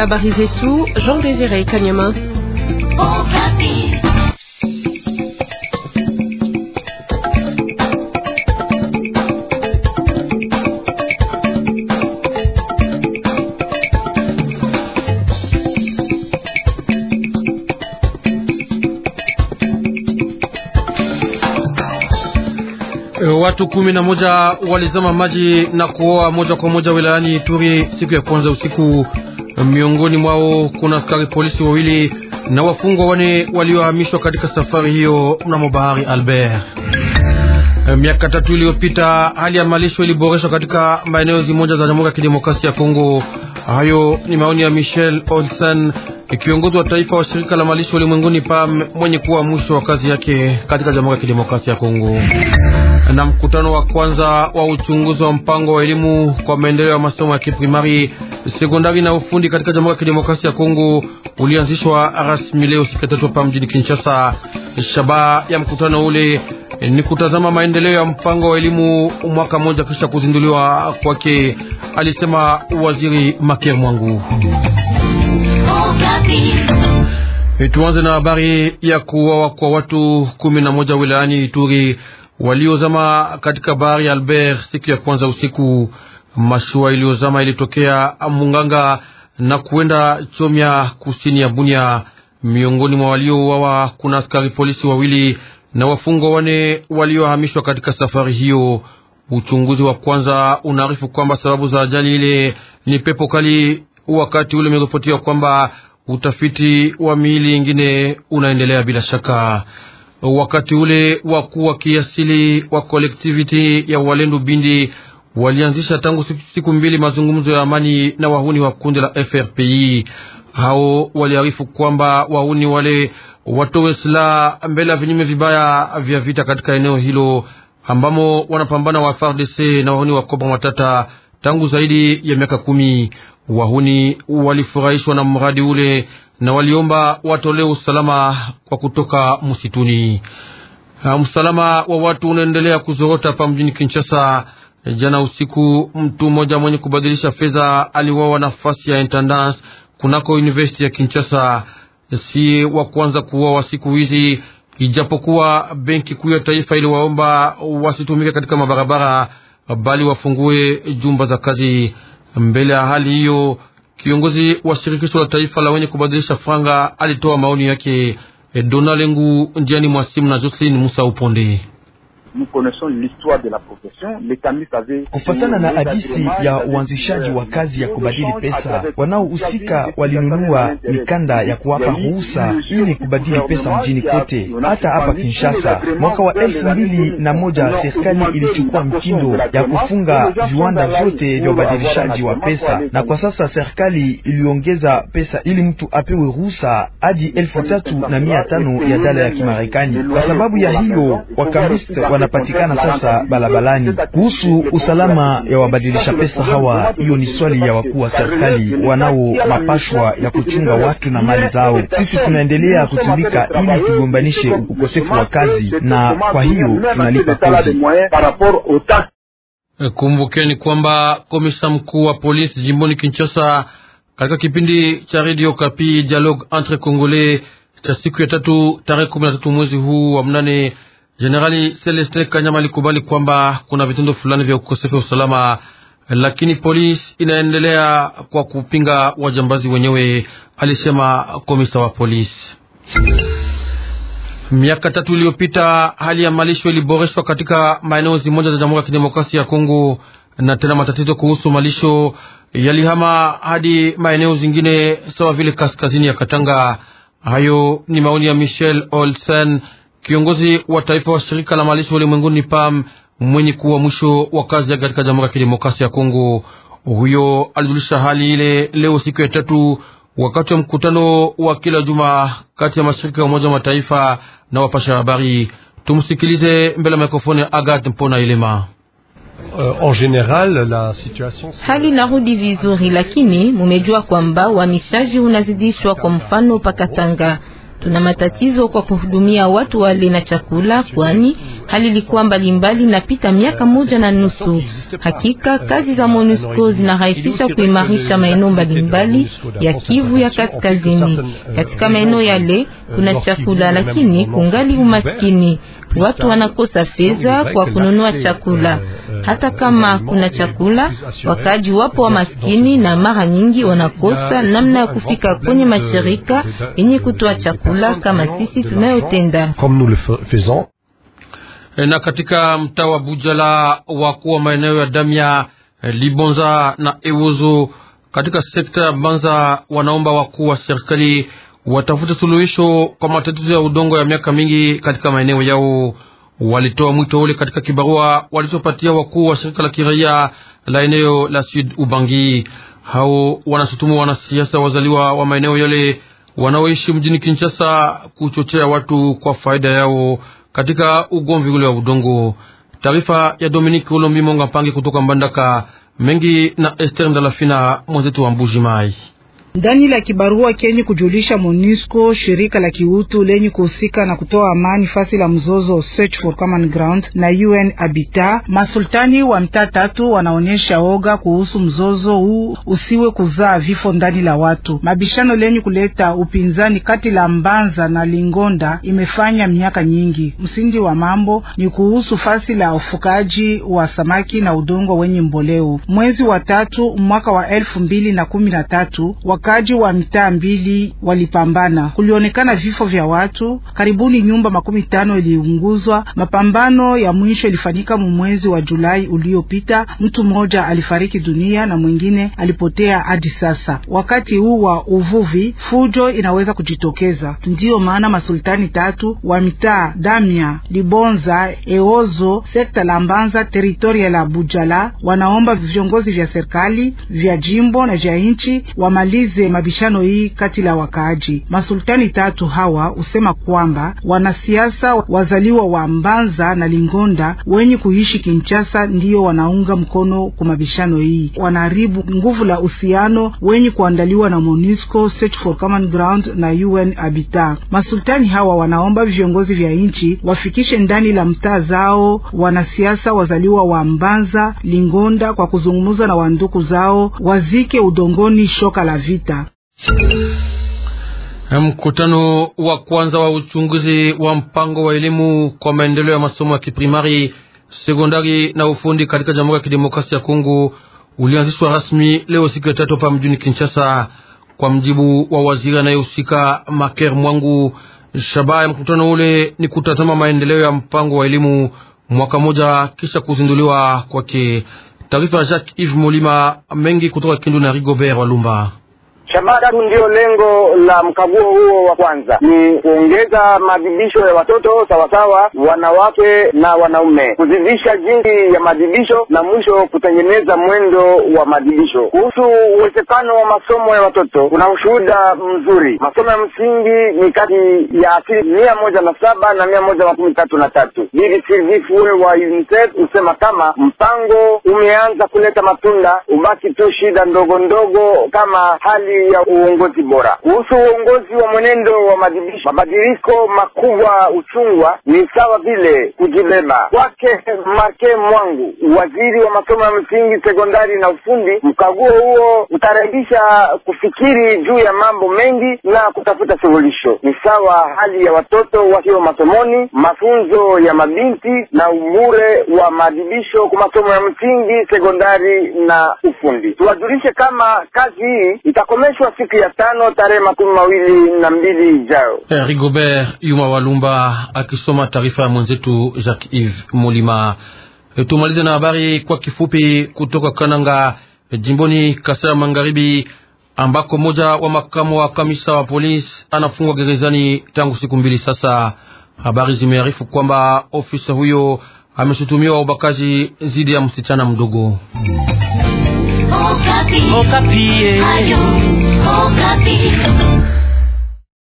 Au bariser tout, Jean-Désiré Kanyama. capi watu kumi na moja walizama maji na kuoa moja kwa moja wilayani Ituri siku ya kwanza usiku. Miongoni mwao kuna askari polisi wawili na wafungwa wane waliohamishwa katika safari hiyo mnamo bahari Albert. Miaka tatu iliyopita hali ya malisho iliboreshwa katika maeneo zimoja za Jamhuri ya Kidemokrasia ya Kongo. Hayo ni maoni ya Michel Olsen, kiongozi wa taifa wa shirika la malisho ulimwenguni PAM, mwenye kuwa mwisho wa kazi yake katika Jamhuri ya Kidemokrasia ya Kongo na mkutano wa kwanza wa uchunguzi wa mpango wa elimu kwa maendeleo ya masomo ya kiprimari, sekondari na ufundi katika Jamhuri ya Kidemokrasia ya Kongo ulianzishwa rasmi leo siku tatu hapa mjini Kinshasa. Shabaha ya mkutano ule ni kutazama maendeleo ya mpango wa elimu mwaka mmoja kisha kuzinduliwa kwake, alisema waziri Maker Mwangu. Tuanze na habari ya kuuawa kwa watu kumi na moja wilayani Ituri waliozama katika bahari ya Albert siku ya kwanza usiku. Mashua iliyozama ilitokea Munganga na kuenda Chomya kusini ya Bunia. Miongoni mwa waliouawa kuna askari polisi wawili na wafungwa wane waliohamishwa katika safari hiyo. Uchunguzi wa kwanza unaarifu kwamba sababu za ajali ile ni pepo kali. Wakati ule umeripotiwa kwamba utafiti wa miili ingine unaendelea bila shaka. Wakati ule wakuu wa kiasili wa kolektiviti ya Walendu Bindi walianzisha tangu siku mbili mazungumzo ya amani na wahuni wa kundi la FRPI. Hao waliarifu kwamba wahuni wale watowe silaha mbele ya vinyume vibaya vya vita katika eneo hilo ambamo wanapambana wa FARDC na wahuni wa Kobra Matata tangu zaidi ya miaka kumi. Wahuni walifurahishwa na mradi ule na waliomba watolee usalama kwa kutoka msituni. Ah, msalama wa watu unaendelea kuzorota hapa mjini Kinshasa. Jana usiku mtu mmoja mwenye kubadilisha fedha aliwawa nafasi ya intendance kunako university ya Kinshasa. Si wa kwanza kuwawa siku hizi, ijapokuwa benki kuu ya taifa iliwaomba wasitumike katika mabarabara, bali wafungue jumba za kazi. Mbele ya hali hiyo, kiongozi wa shirikisho la taifa la wenye kubadilisha franga alitoa maoni yake. Donalengu njiani mwa simu na Jocelyn Musa Uponde. Kufatana na hadithi ya uanzishaji wa kazi ya kubadili pesa, wanaohusika walinunua mikanda ya kuwapa ruhusa ili kubadili pesa mjini kote, hata hapa Kinshasa. Mwaka wa elfu mbili na moja serikali ilichukua mtindo ya kufunga viwanda vyote vya ubadilishaji wa pesa, na kwa sasa serikali iliongeza pesa ili mtu apewe ruhusa hadi elfu tatu na mia tano ya dola ya Kimarekani. Kwa sababu ya hiyo wakamist wana yanapatikana sasa barabarani. Kuhusu usalama ya wabadilisha pesa hawa, hiyo ni swali ya wakuu wa serikali wanao mapashwa ya kuchunga watu na mali zao. Sisi tunaendelea kutumika ili tugombanishe ukosefu wa kazi, na kwa hiyo tunalipa kodi. Kumbukeni kwamba komisa mkuu wa polisi jimboni Kinshasa katika kipindi cha Radio Kapi Dialogue entre Congolais cha siku ya tatu tarehe kumi na tatu mwezi huu wa mnane Jenerali Celestin Kanyama alikubali kwamba kuna vitendo fulani vya ukosefu wa usalama, lakini polisi inaendelea kwa kupinga wajambazi wenyewe, alisema komisa wa polisi. Miaka tatu iliyopita hali ya malisho iliboreshwa katika maeneo zimoja za Jamhuri ya Kidemokrasia ya Kongo, na tena matatizo kuhusu malisho yalihama hadi maeneo zingine sawa vile kaskazini ya Katanga. Hayo ni maoni ya Michel Olsen Kiongozi wa taifa wa shirika la malisho ulimwenguni PAM mwenye kuwa mwisho wa kazi yake katika Jamhuri ya Kidemokrasia ya Kongo. Huyo alijulisha hali ile leo siku ya tatu wakati wa mkutano wa kila juma kati ya mashirika ya Umoja wa Mataifa na wapasha habari. Tumsikilize mbele ya mikrofoni ya Agat Mpona Ilema. Uh, en general, la situation... hali narudi vizuri, lakini mumejua kwamba uhamishaji unazidishwa, kwa mfano pakatanga Tuna matatizo kwa kuhudumia watu wale na chakula, kwani hali ilikuwa mbalimbali na pita miaka moja na nusu. Hakika kazi za MONUSCO zinarahisisha kuimarisha maeneo mbalimbali ya Kivu ya kaskazini. Katika maeneo yale kuna chakula, lakini kungali umaskini, watu wanakosa fedha kwa kununua chakula. Hata kama kuna chakula, wakaji wapo wa maskini na mara nyingi wanakosa namna ya kufika kwenye mashirika yenye kutoa chakula chakula kama sisi tunayotenda na katika mtaa wa Bujala wakuu wa maeneo ya Damya, eh, Libonza na Ewozo katika sekta ya Banza wanaomba wakuu wa serikali watafute suluhisho kwa matatizo ya udongo ya miaka mingi katika maeneo yao. Walitoa mwito ule katika kibarua walichopatia wakuu wa shirika la kiraia la eneo la Sud Ubangi. Hao wanashutumu wanasiasa wazaliwa wa maeneo yale wanaoishi mjini Kinshasa kuchochea watu kwa faida yao katika ugomvi ule wa udongo. Taarifa ya Dominique Olombi Monga pange kutoka Mbandaka mengi na Esther Ndalafina mwenzetu wa Mbuji Mai ndani la kibarua kenye kujulisha MONUSCO shirika la kiutu lenye kuhusika na kutoa amani fasi la mzozo Search for Common Ground na UN Habitat, masultani wa mtaa tatu wanaonyesha oga kuhusu mzozo huu usiwe kuzaa vifo ndani la watu. Mabishano lenye kuleta upinzani kati la Mbanza na Lingonda imefanya miaka nyingi. Msingi wa mambo ni kuhusu fasi la ufukaji wa samaki na udongo wenye mboleo. Mwezi wa tatu mwaka wa elfu mbili na kumi na tatu waka wakaji wa mitaa mbili walipambana, kulionekana vifo vya watu karibuni, nyumba makumi tano iliunguzwa. Mapambano ya mwisho ilifanyika mwezi wa Julai uliopita. Mtu mmoja alifariki dunia na mwingine alipotea hadi sasa. Wakati huu wa uvuvi, fujo inaweza kujitokeza, ndiyo maana masultani tatu wa mitaa Damia, Libonza, Eozo, sekta la Mbanza, teritoria la Bujala wanaomba viongozi vya serikali vya jimbo na vya nchi wamalize wamalize mabishano hii kati la wakaaji. Masultani tatu hawa husema kwamba wanasiasa wazaliwa wa Mbanza na Lingonda wenye kuishi Kinshasa ndiyo wanaunga mkono kwa mabishano hii, wanaharibu nguvu la uhusiano wenye kuandaliwa na MONUSCO, Search for Common Ground na UN Habitat. Masultani hawa wanaomba viongozi vya nchi wafikishe ndani la mtaa zao wanasiasa wazaliwa wa Mbanza Lingonda kwa kuzungumza na wanduku zao, wazike udongoni shoka la vita sita. Mkutano wa kwanza wa uchunguzi wa mpango wa elimu kwa maendeleo ya masomo ya kiprimari, sekondari na ufundi katika Jamhuri ya Kidemokrasia ya Kongo ulianzishwa rasmi leo siku ya tatu hapa mjini Kinshasa. Kwa mjibu wa waziri anayehusika Maker Mwangu, shabaha ya mkutano ule ni kutazama maendeleo ya mpango wa elimu mwaka moja kisha kuzinduliwa kwake. Taarifa ya Jacques Yves Molima mengi kutoka Kindu na Rigobert Walumba. Shabaha tatu ndiyo lengo la mkaguo huo wa kwanza ni kuongeza maadhibisho ya watoto sawasawa, wanawake na wanaume, kuzidisha jinsi ya maadhibisho na mwisho kutengeneza mwendo wa maadhibisho. Kuhusu uwezekano wa masomo ya watoto, kuna ushuhuda mzuri. Masomo ya msingi ni kati ya asilimia moja na saba na mia moja makumi tatu na tatu. Bibi Sylvie wa UNICEF husema kama mpango umeanza kuleta matunda, ubaki tu shida ndogo ndogo kama hali ya uongozi bora. Kuhusu uongozi wa mwenendo wa maadibisho, mabadiliko makubwa uchungwa ni sawa vile kujibeba kwake. Marke Mwangu, waziri wa masomo ya msingi, sekondari na ufundi, mkaguo huo utarahisisha kufikiri juu ya mambo mengi na kutafuta suluhisho. Ni sawa hali ya watoto wasio masomoni, mafunzo ya mabinti na umure wa maadibisho kwa masomo ya msingi, sekondari na ufundi. Tuwajulishe kama kazi hii itakomea itakomeshwa siku ya tano tarehe makumi mawili na mbili ijayo. Eh, Rigobert Yuma Walumba akisoma taarifa ya mwenzetu Jacques Yves Mulima. Eh, tumalize na habari kwa kifupi kutoka Kananga eh, jimboni Kasai Magharibi, ambako mmoja wa makamu wa kamisa wa polisi anafungwa gerezani tangu siku mbili sasa. Habari zimearifu kwamba ofisa huyo ameshutumiwa ubakaji dhidi ya msichana mdogo. Okapi. Okapi. Eh.